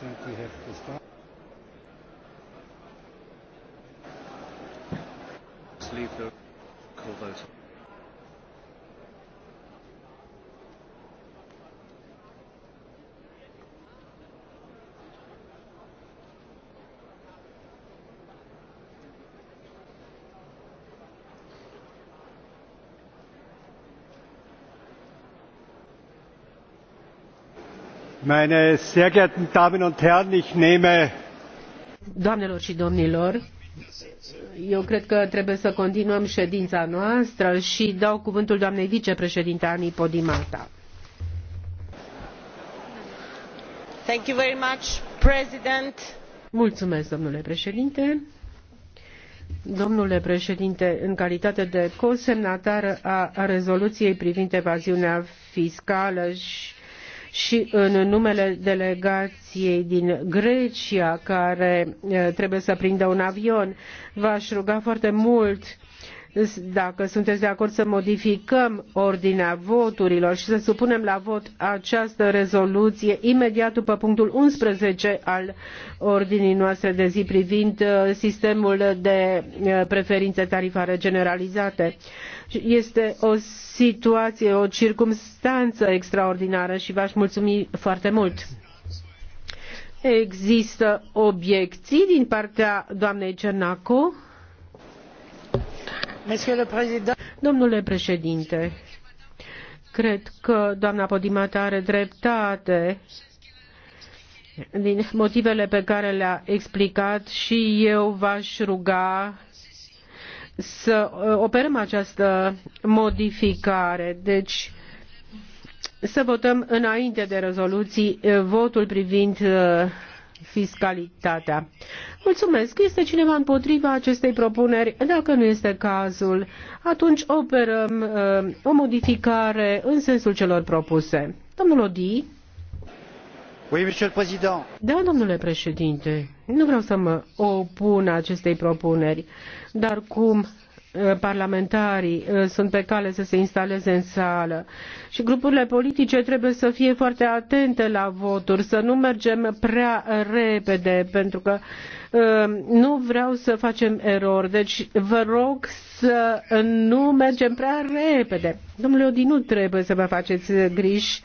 think we have to start. Leave the call vote. Meine sehr geehrten Damen und Herren, ich nehme Doamnelor și domnilor, eu cred că trebuie să continuăm ședința noastră și dau cuvântul doamnei vicepreședinte Ani Podimata. Thank you very much, President. Mulțumesc, domnule președinte. Domnule președinte, în calitate de cosemnatar a rezoluției privind evaziunea fiscală și și în numele delegației din Grecia care eh, trebuie să prindă un avion. V-aș ruga foarte mult dacă sunteți de acord să modificăm ordinea voturilor și să supunem la vot această rezoluție imediat după punctul 11 al ordinii noastre de zi privind uh, sistemul de uh, preferințe tarifare generalizate. Este o situație, o circumstanță extraordinară și v-aș mulțumi foarte mult. Există obiecții din partea doamnei Cernacu? Domnule președinte, cred că doamna Podimata are dreptate din motivele pe care le-a explicat și eu v-aș ruga să uh, operăm această modificare. Deci, să votăm înainte de rezoluții uh, votul privind uh, fiscalitatea. Mulțumesc. Este cineva împotriva acestei propuneri? Dacă nu este cazul, atunci operăm uh, o modificare în sensul celor propuse. Domnul Odi. Oui, monsieur le président. Da, domnule președinte, nu vreau să mă opun acestei propuneri, dar cum Eh, parlamentarii eh, sunt pe cale să se instaleze în sală și grupurile politice trebuie să fie foarte atente la voturi, să nu mergem prea repede, pentru că eh, nu vreau să facem erori. Deci vă rog să nu mergem prea repede. Domnule Odinu, trebuie să vă faceți griji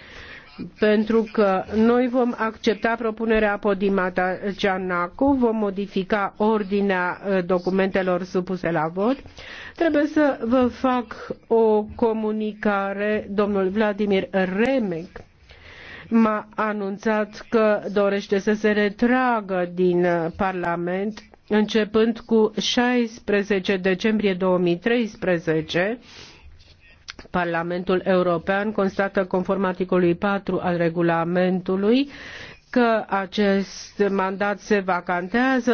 pentru că noi vom accepta propunerea Podimata Giannacu, vom modifica ordinea eh, documentelor supuse la vot. Trebuie să vă fac o comunicare, domnul Vladimir Remec m-a anunțat că dorește să se retragă din eh, Parlament începând cu 16 decembrie 2013 Parlamentul European constată conform articolului 4 al regulamentului că acest mandat se vacantează